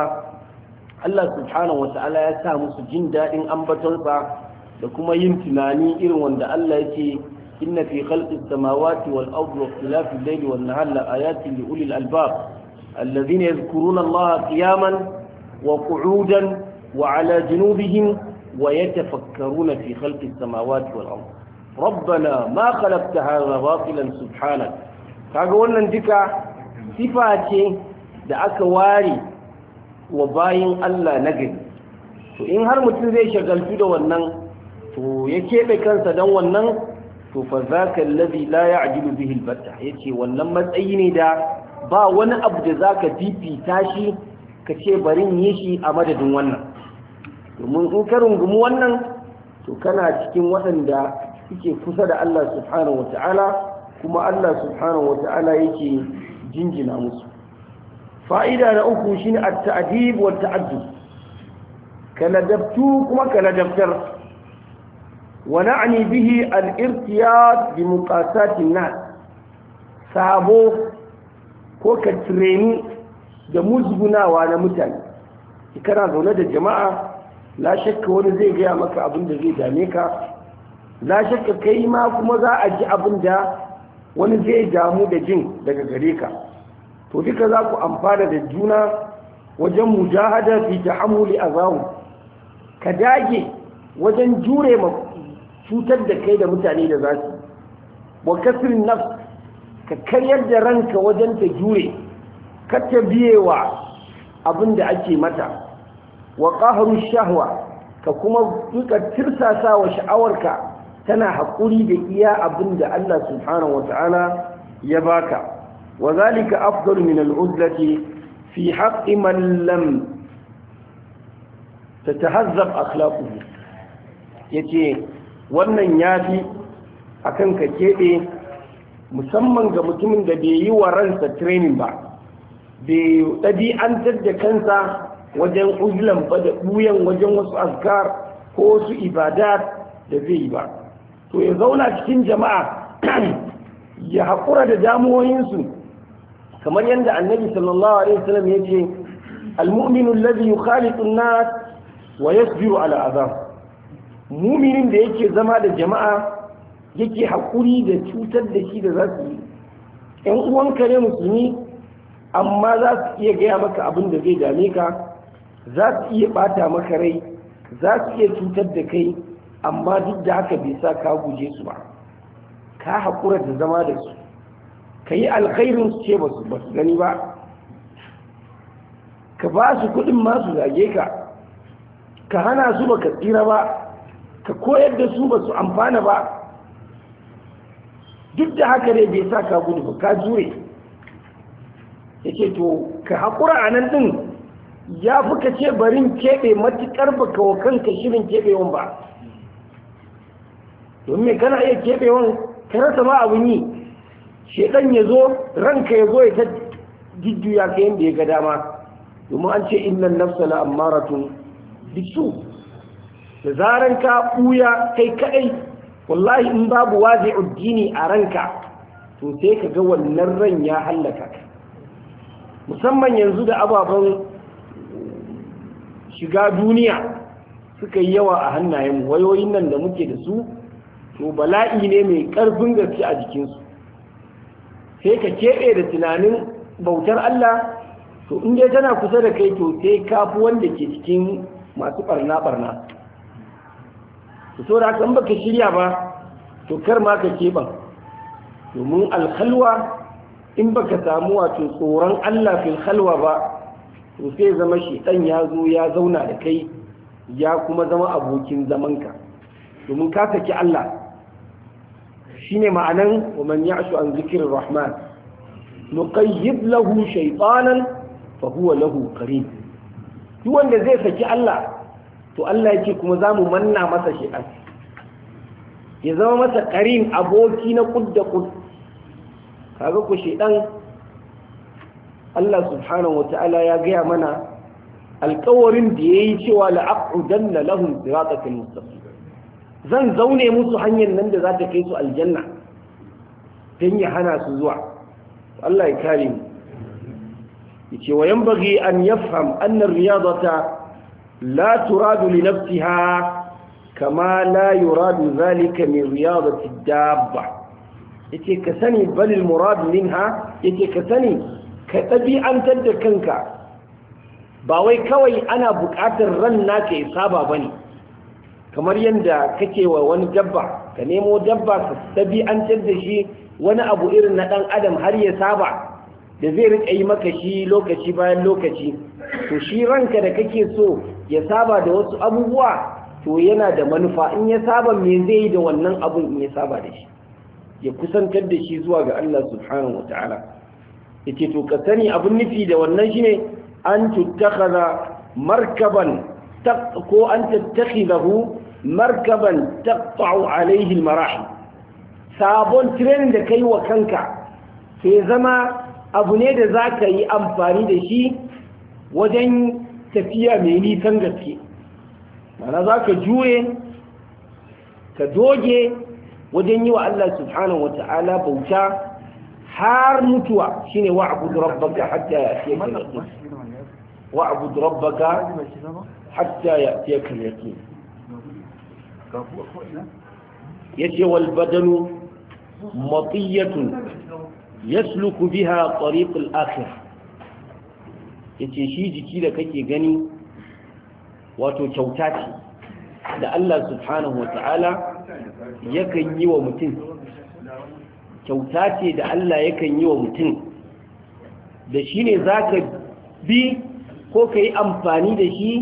Allah subhanahu wata'ala ya sa musu jin daɗin ambatonsa da kuma yin tunani irin wanda Allah yake inna fi khalqis samawati wal ardi wa ikhtilafil layli wan nahari la ayatin li ulil albab alladhina yadhkuruna Allah qiyaman wa qu'udan wa ala junubihim ويتفكرون في خلق السماوات والأرض ربنا ما خلقت هذا باطلا سبحانك kaga wannan duka sifa ce da aka ware wa bayin Allah na gari to in har mutum zai shagaltu da wannan to ya keɓe kansa don wannan to fa zaka allazi la ya'jilu bihi al-batta yace wannan matsayi ne da ba wani abu da zaka fifita shi ka ce barin yi shi a madadin wannan domin in ka rungumi wannan to kana cikin waɗanda suke kusa da Allah subhanahu wata'ala kuma Allah subhanahu wata'ala yake jinjina musu fa'ida na uku shine at-ta'dib wa ta'addu. kana dabtu kuma kana dabtar wa na'ni bihi al-irtiyad bi muqasatin nas sabo ko ka da muzgunawa na mutane kana zaune da jama'a la shakka wani zai gaya maka abin da zai dame ka la shakka kai ma kuma za a ji abin da wani zai damu da jin daga gare ka to duka za ku amfana da juna wajen mujahada fi a azahu ka dage wajen jure ma cutar da kai da mutane da za su wa kasir nafs ka karyar da ranka wajen ta jure ka ta wa abin da ake mata wa qahru shahwa ka kuma duka tirsasa wa sha'awarka tana haƙuri da iya abin da Allah subhanahu ta'ala ya baka wa zalika afdalu min al-uzlati fi ta man lam tatahazzab akhlaquhu yace wannan yafi akan ka keɓe musamman ga mutumin da bai yi wa ransa training ba bai ɗabi'antar da kansa wajen ujlan ba da buyan wajen wasu azkar ko wasu ibadat da zai yi ba to ya zauna cikin jama'a [CLEARS THROAT] ya haƙura da damuwoyinsu kamar yadda annabi sallallahu alaihi wasallam ya ce almu'minu alladhi yukhaliqu an-nas wa yasbiru ala azab mu'minin da yake zama da jama'a yake haƙuri da cutar da shi da za su yi ‘yan uwanka ne musulmi amma za su iya gaya maka abin da zai dame ka za su iya bata maka rai za su iya cutar da kai amma duk da haka bai sa ka guje su ba ka haƙura da zama da su ka yi alkhairin su ce ba su gani ba ka ba su kudin masu zage ka ka hana su ba ka tsira ba ka koyar da su ba su amfana ba duk da haka ne bai sa ka gudu ba ka jure ya ce to ka haƙura a nan ɗin ya fi ka ce barin keɓe matuƙar ba kawo kanka shirin keɓewan ba domin kana iya keɓewan ka rasa ma abin yi shaidan ya zo ranka ya zo ya ta jujjuya ka yadda ya ga dama domin an ce innan nafsa la ammaratun bisu da zaran ka ɓuya kai kaɗai wallahi in babu waje addini a ranka to sai ka ga wannan ran ya hallaka musamman yanzu da ababen shiga duniya suka yi yawa a hannayen wayoyin nan da muke da su to bala'i ne mai ƙarfin gaske a jikinsu sai ka keɓe da tunanin bautar Allah to in dai tana kusa da kai to sai wanda ke cikin masu ɓarna-ɓarna. to so da kan baka shirya ba to kar ma ka keɓan domin alhalwa in baka samu wato tsoron Allah fil halwa ba to sai zama shi dan ya zo ya zauna da kai ya kuma zama abokin zamanka domin ka saki Allah shine ma'anan wa man ya'shu an zikrir rahman nuqayyib lahu shaytanan fa huwa lahu qarin duk wanda zai saki Allah to Allah yake kuma zamu manna masa shaytan ya zama masa qarin aboki na kudda kud kaga ku shaytan Allah subhanahu wata'ala ya gaya mana alkawarin da ya yi cewa la'aqudanna lahum siratal mustaqim zan zaune musu hanyar nan da za ta kai su aljanna don ya hana su zuwa Allah ya kare mu ce wa yanbaghi an yafham anna riyazata riyadata la turadu li nafsiha kama la yuradu zalika min riyadati dabba yace ka sani balil murad minha yace ka sani ka ɗabi'antar da kanka ba wai kawai ana buƙatar ran naka ya saba ba ne kamar yadda kake wa wani dabba ka nemo dabba ka ɗabi'antar da shi wani abu irin na ɗan adam har ya saba da zai riƙa yi maka shi lokaci bayan lokaci to shi ranka da kake so ya saba da wasu abubuwa to yana da manufa in ya saba me zai yi da wannan abun in ya saba da shi ya kusantar da shi zuwa ga Allah subhanahu wa ta'ala yace to ka sani abun nufi da wannan shine an tuttakhadha markaban ko an tattakhidahu markaban taqta'u alayhi Mara. sabon training da kai wa kanka sai zama abu ne da zaka yi amfani da shi wajen tafiya mai nisan gaske mana zaka jure ka doge wajen yi wa Allah subhanahu wata'ala bauta har mutuwa shine wa'budu rabbaka hatta ya'tiyaka al-yaqin wa'budu rabbaka hatta ya'tiyaka al-yaqin yace wal badalu matiyatun yasluku biha tariq al Ya ce shi jiki da kake gani wato kyauta ce da Allah subhanahu wa ta'ala yakan yi wa mutum kyauta ce da Allah yakan yi wa mutum da shi ne za ka bi ko ka yi amfani da shi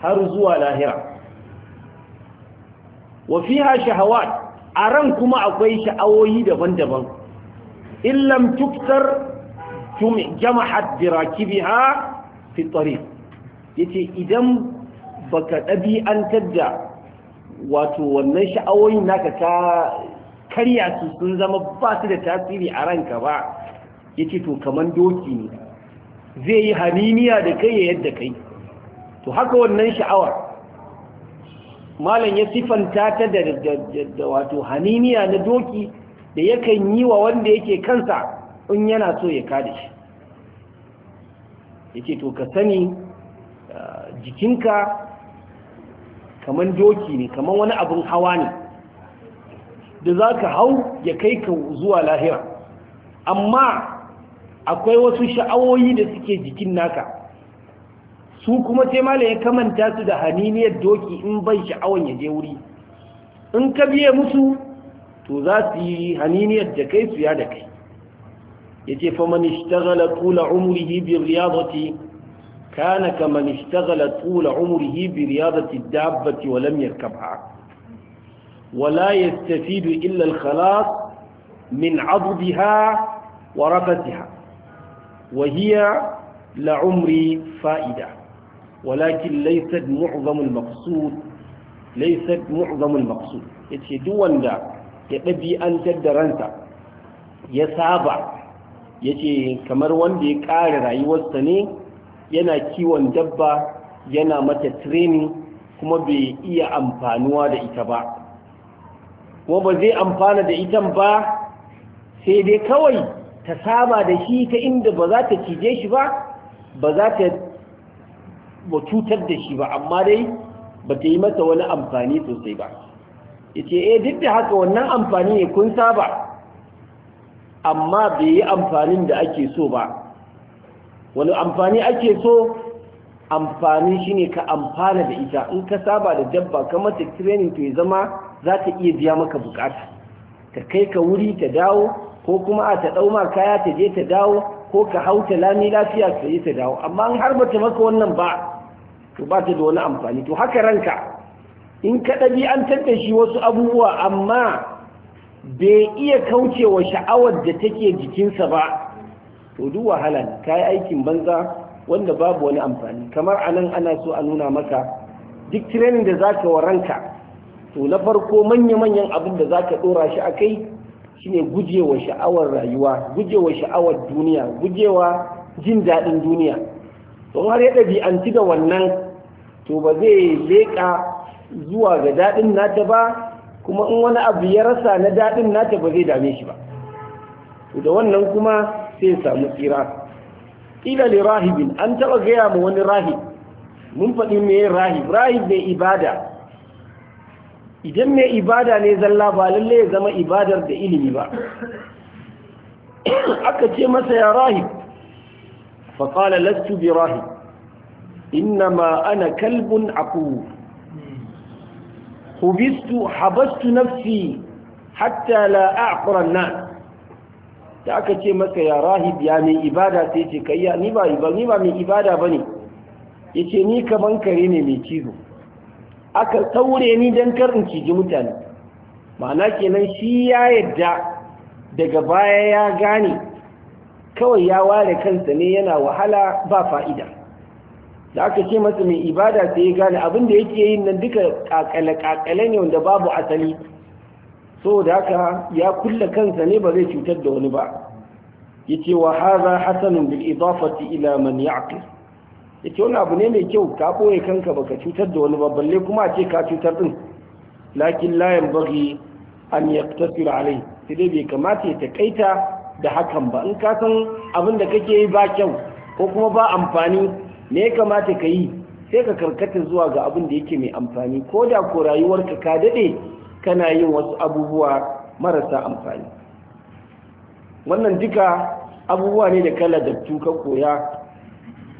har zuwa lahira wafiha shahawa a ran kuma akwai sha'awoyi daban-daban illam tuktar jama'at birakibiha fi Ya yace idan baka ɗabi'antar da wato wannan sha'awoyin naka ka karya su sun zama ba su da tasiri a ranka ba ya ce to kamar doki ne zai yi haniniya da kai ya yadda kai to haka wannan sha'awar malam ya siffanta ta da wato haniniya na doki da yakan yi wa wanda yake kansa in yana so ya kada shi ya ce to ka sani ah, jikinka kamar doki ne kamar wani abin hawa ne da za ka hau ya kai ka zuwa lahira amma akwai wasu sha'awoyi da suke jikin naka su kuma sai da ya kamanta su da haniniyar doki in bai sha'awan ya je wuri in ka biye musu to za su yi haniniyar da kai su ya da kai ya ce fa faman ishtaghala tula hibir ya riyadati kana kaman ishtaghala tula Hibir ya riyadati dabbati wa lam ولا يستفيد إلا الخلاص min عضدها ورفتها وهي لعمري فائدة ولكن ليست معظم المقصود ليست معظم المقصود yace duk wanda ya ɗabi'antar da ransa ya saba yace kamar wanda ya ƙara rayuwarsa ne yana kiwon dabba yana mata training kuma bai iya amfanuwa da ita ba ko ba zai amfana da ita ba sai dai kawai ta saba da shi ta inda ba za ta cije shi ba ba za ta da shi ba amma dai ba ta yi masa wani amfani sosai ba ce eh duk da haka wannan amfani ne kun saba amma bai yi amfanin da ake so ba wani amfani ake so amfani shi ne ka amfana da ita in ka saba da dabba ka ta training to ya zama za ta iya biya maka bukata Ka kai ka wuri ta dawo ko kuma a ta ɗauma kaya ta je ta dawo ko ka hau ta lami lafiya ta je ta dawo amma an har bata maka wannan ba to ba ta da wani amfani to haka ranka in ka ɗabi an tattashi shi wasu abubuwa amma bai iya kaucewa sha'awar da take jikinsa ba to duk wahala ka yi aikin banza wanda babu wani amfani kamar anan ana so a nuna maka duk training da za ka wa ranka to na farko manya-manyan abin da za ka ɗora shi a kai shine gujewa sha'awar rayuwa gujewa sha'awar duniya gujewa jin daɗin duniya don har ya ɗabi'anci da wannan to ba zai leƙa zuwa ga daɗin nata ba kuma in wani abu ya rasa na daɗin nata ba zai dame shi ba to da wannan kuma sai samu tsira ila li rahibin an taɓa gaya ma wani rahib mun faɗi me rahib rahib mai ibada idan mai ibada ne zalla ba lalle ya zama ibadar da ilimi ba [COUGHS] aka ce masa ya rahib faƙala lastu bi rahib innama ana kalbun aku hubistu habastu nafsi hatta la aqran nan da aka ce masa ya rahib ya mai ibada sai ce kai ya ni ba ni ba mai ibada bane yace ni kaman kare ne mai cizo aka saure ni don karin ciji mutane ma'ana kenan shi ya yadda daga baya ya gane kawai ya ware kansa ne yana wahala ba fa'ida da aka ce masa mai ibada sai ya gane abinda da yake yin nan duka kakale-kakale ne wanda babu asali so da haka ya kulle kansa ne ba zai cutar da wani ba ya ce wa haza hasanin bil idafati ila man ya'qil ya wani abu ne mai kyau ka ɓoye kanka ba ka cutar da wani babballe kuma ce ka cutar din? lakin layan bari an ya tasiri rai sai dai bai kamata ya takaita da hakan ba in ka san abin da kake yi ba kyau ko kuma ba amfani ne ya kamata ka yi sai ka karkata zuwa ga abin da yake mai amfani ko da ko rayuwarka ka daɗe kana yin wasu abubuwa marasa amfani wannan duka abubuwa ne da kala da ka koya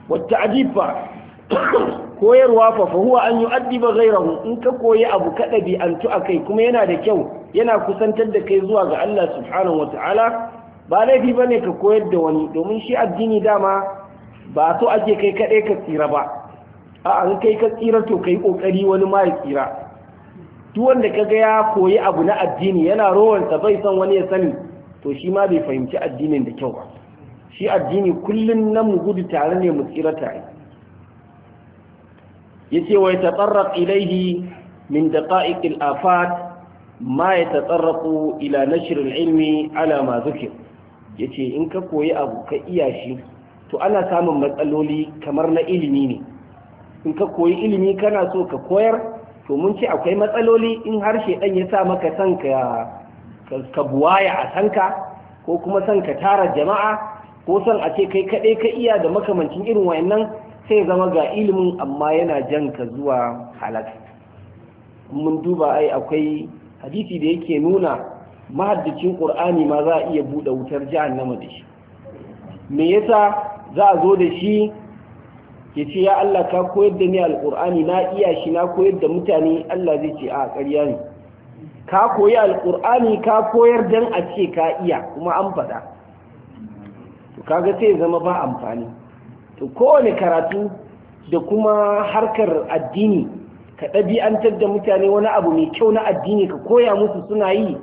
wata ajifa koyarwa fa fa huwa an yu'addiba ghayrahu in ka koyi abu ka a akai kuma yana da kyau yana kusantar da kai zuwa ga Allah subhanahu wataala ba laifi bane ka koyar da wani domin shi addini dama ba so ake kai kadai ka tsira ba a an kai ka tsira to kai kokari wani ma ya tsira duk wanda kaga ya koyi abu na addini yana rowansa bai san wani ya sani to shi ma bai fahimci addinin da kyau ba shi addini kullum na mu gudu tare ne mu tsira tare Ya wai wa yatatarraq ilaihi min daqa'iq al-afat ma ya ila na shirin ilmi ala ma Ya ce, in ka koyi abu ka iya shi to ana samun matsaloli kamar na ilimi ne in ka koyi ilimi kana so ka koyar to mun ce akwai matsaloli in harshe ɗan ya sa maka san ka buwaya a sanka ko kuma san ka tara jama'a ko son a ce kai kaɗai ka iya da makamancin irin wayannan sai zama ga ilimin amma yana jan ka zuwa halaka mun duba ai akwai hadisi da yake nuna mahaddicin qur'ani ma za a iya buɗe wutar jihar da shi me yasa za a zo da shi ya ce ya Allah ka koyar da ni alƙur'ani na iya shi na koyar da mutane Allah zai ce a ƙarya ne ka koyi alƙur'ani ka koyar dan a ce ka iya kuma an faɗa kaga sai zama ba amfani to kowane karatu da kuma harkar addini ka ɗabi'antar da mutane wani abu mai kyau na addini ka koya musu suna yi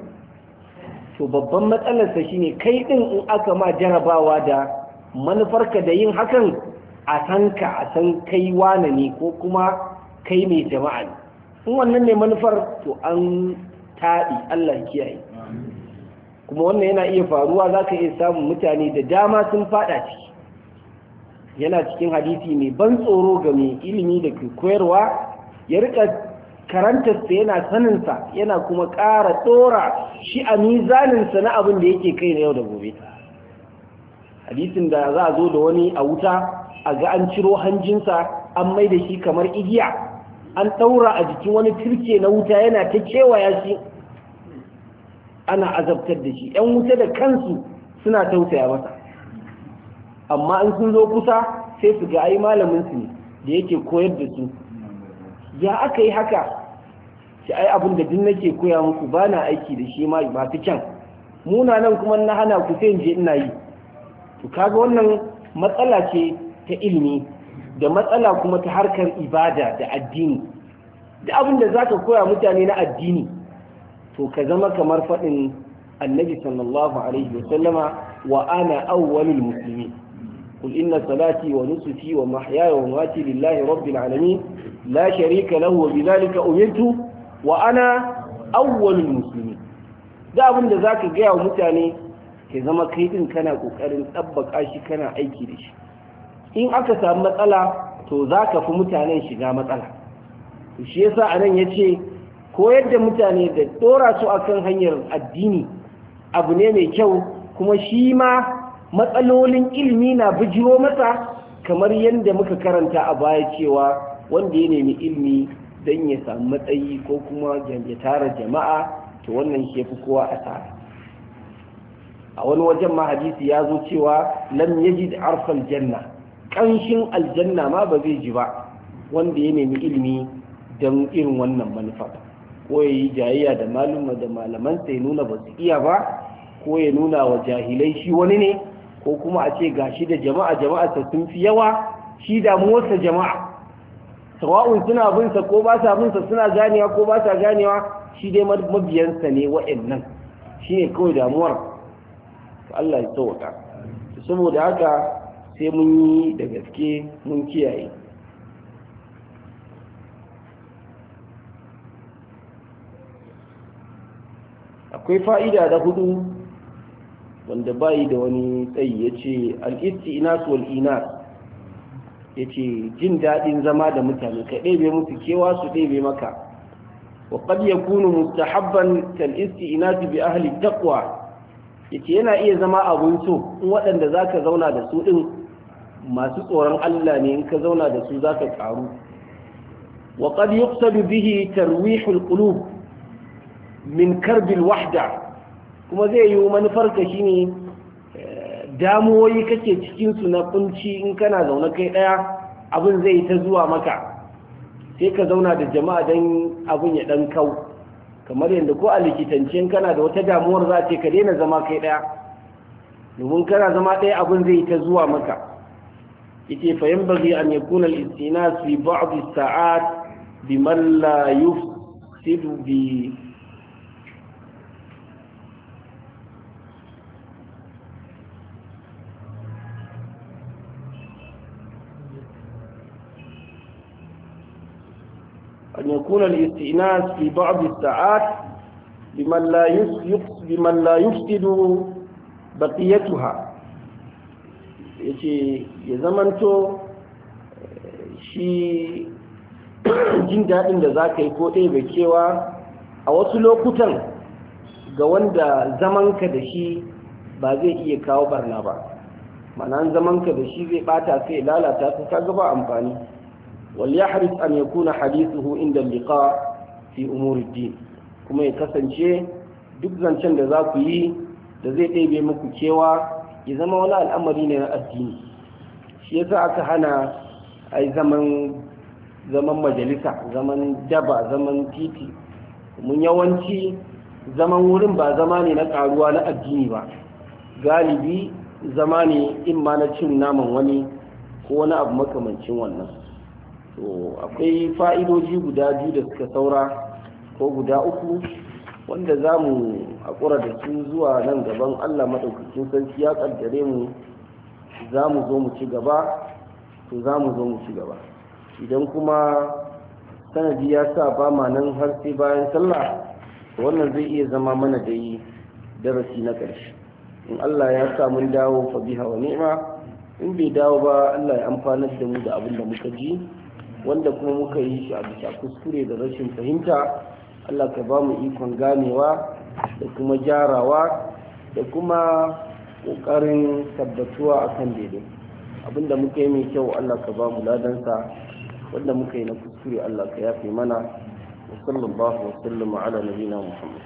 to babban matsalarsa shine kai ɗin in aka ma jarabawa da manufarka da yin hakan a san ka a san kai wane ne ko kuma kai mai jama'a ne in wannan ne manufar to an taɗi allah kiyaye kuma wannan yana iya faruwa za ka iya samun mutane da dama sun fada ciki yana cikin hadisi mai ban tsoro ga mai ilimi da ke koyarwa ya rika karantarsa yana saninsa yana kuma ƙara tsora shi a mizaninsa na abin da yake kai na yau da gobe hadisin da za a zo da wani a wuta a ga an ciro hanjinsa an mai da shi kamar igiya an ɗaura a jikin wani turke na wuta yana ta kewaya shi ana azabtar da shi ‘yan wuta da kansu suna tausaya masa amma in sun zo kusa sai su ga ai malaminsu ne da yake koyar da su ya aka yi haka shi ai abin da duk nake koya muku ba na aiki da shi ma masu kyan nan kuma na hana ku sai je ina yi to kaga wannan matsala ce ta ilimi da matsala kuma ta harkar ibada da addini da abin da zaka koya mutane na addini to ka zama kamar faɗin annabi sallallahu alaihi wa sallama wa ana awwalul muslimin qul inna salati wa nusuki wa mahyaya wa mamati lillahi rabbil alamin la sharika lahu wa bidhalika umirtu wa ana awwalul muslimin da abin da zaka ga wa mutane ka zama kai din kana kokarin tabbaka shi kana aiki da shi in aka samu matsala to zaka fi mutanen shiga matsala shi yasa anan yace koyar da mutane da dora su a kan hanyar addini abu ne mai kyau kuma shi ma matsalolin ilimi na bijiro masa kamar yadda muka karanta a baya cewa wanda ya nemi ilimi don ya samu matsayi ko kuma ya tara jama'a to wannan ke fi kowa a tara a wani wajen ma hadisi ya zo cewa lam yajid arfal janna kanshin aljanna ma ba zai ji ba wanda ya nemi ilimi don irin wannan manufa ko ya yi jayayya da maluma da malaman sai nuna ba su iya ba ko ya nuna wa jahilai shi wani ne ko kuma a ce gashi da jama'a jama'a ta sun fi yawa shi damuwarsa jama'a sawa'un suna binsa ko ba sa binsa suna ganewa ko ba sa ganewa shi dai mabiyansa ne wa'annan shi ne kawai damuwar Allah ya tsawata saboda haka sai mun yi da gaske mun kiyaye akwai fa'ida da hudu wanda bayi da wani tsayi ya ce al'isti inas wal inas ya ce jin daɗin zama da mutane ka ɗebe musu kewa su ɗebe maka wa qad yakunu mustahabban kal isti'nas bi ahli Ya ce yana iya zama abun so in waɗanda zaka zauna da su ɗin, masu tsoron Allah ne in ka zauna da su zaka karu wa qad yuqsadu bihi tarwihul qulub min karbil wahda kuma zai yi manufarka shine eh, damuwoyi kake cikinsu na kunci in kana zaune kai daya abin zai ta zuwa maka sai ka zauna da jama'a don abin ya ɗan kau kamar yadda ko a likitance kana da wata damuwar za ce ka daina zama kai daya domin kana zama ɗaya abin zai ta zuwa maka ita fayin bagi an ya kuna istina su yi ba'adu sa'ad bi malla la yufsidu bi أن يكون الاستئناس في بعض الساعات بمن لا بمن لا يفسد بقيتها yace ya zamanto shi jin daɗin da za ka yi ko ɗaya bai kewa a wasu lokutan ga wanda zamanka da shi ba zai iya kawo barna ba mana zamanka da shi zai ɓata sai lalata ka kaga ba amfani وليحرص أن يكون حديثه عند اللقاء في أمور الدين كما يكسنشي دبزن شند ذاكي تزيد إيبي مكو كيوا إذا ما ولا الأمرين الدين شيء aka hana a yi zaman majalisa zaman daba zaman titi mun yawanci zaman wurin ba zama ne na karuwa na addini ba galibi zama ne in ma na cin naman wani ko wani abu makamancin wannan to akwai fa'idoji guda biyu da suka saura ko guda uku wanda za mu haƙura da su zuwa nan gaban allah maɗaukacin sarki ya ƙaddare mu za mu zo mu ci gaba to za mu zo mu ci gaba idan kuma sanadi ya sa ba ma nan har sai bayan sallah wannan zai iya zama mana da yi darasi na ƙarshe in allah ya sa mun dawo fa biha wa ni'ma in bai dawo ba allah ya amfanar da mu da abin da muka ji wanda kuma muka yi shi a bisa kuskure da rashin fahimta Allah ka ba mu ikon ganewa da kuma jarawa da kuma ƙoƙarin tabbatuwa a kan daidai abinda muka yi mai kyau Allah ka ba mu ladansa wanda muka yi na kuskure Allah ka yafe mana wa sallallahu wa ma'ala na nabina Muhammad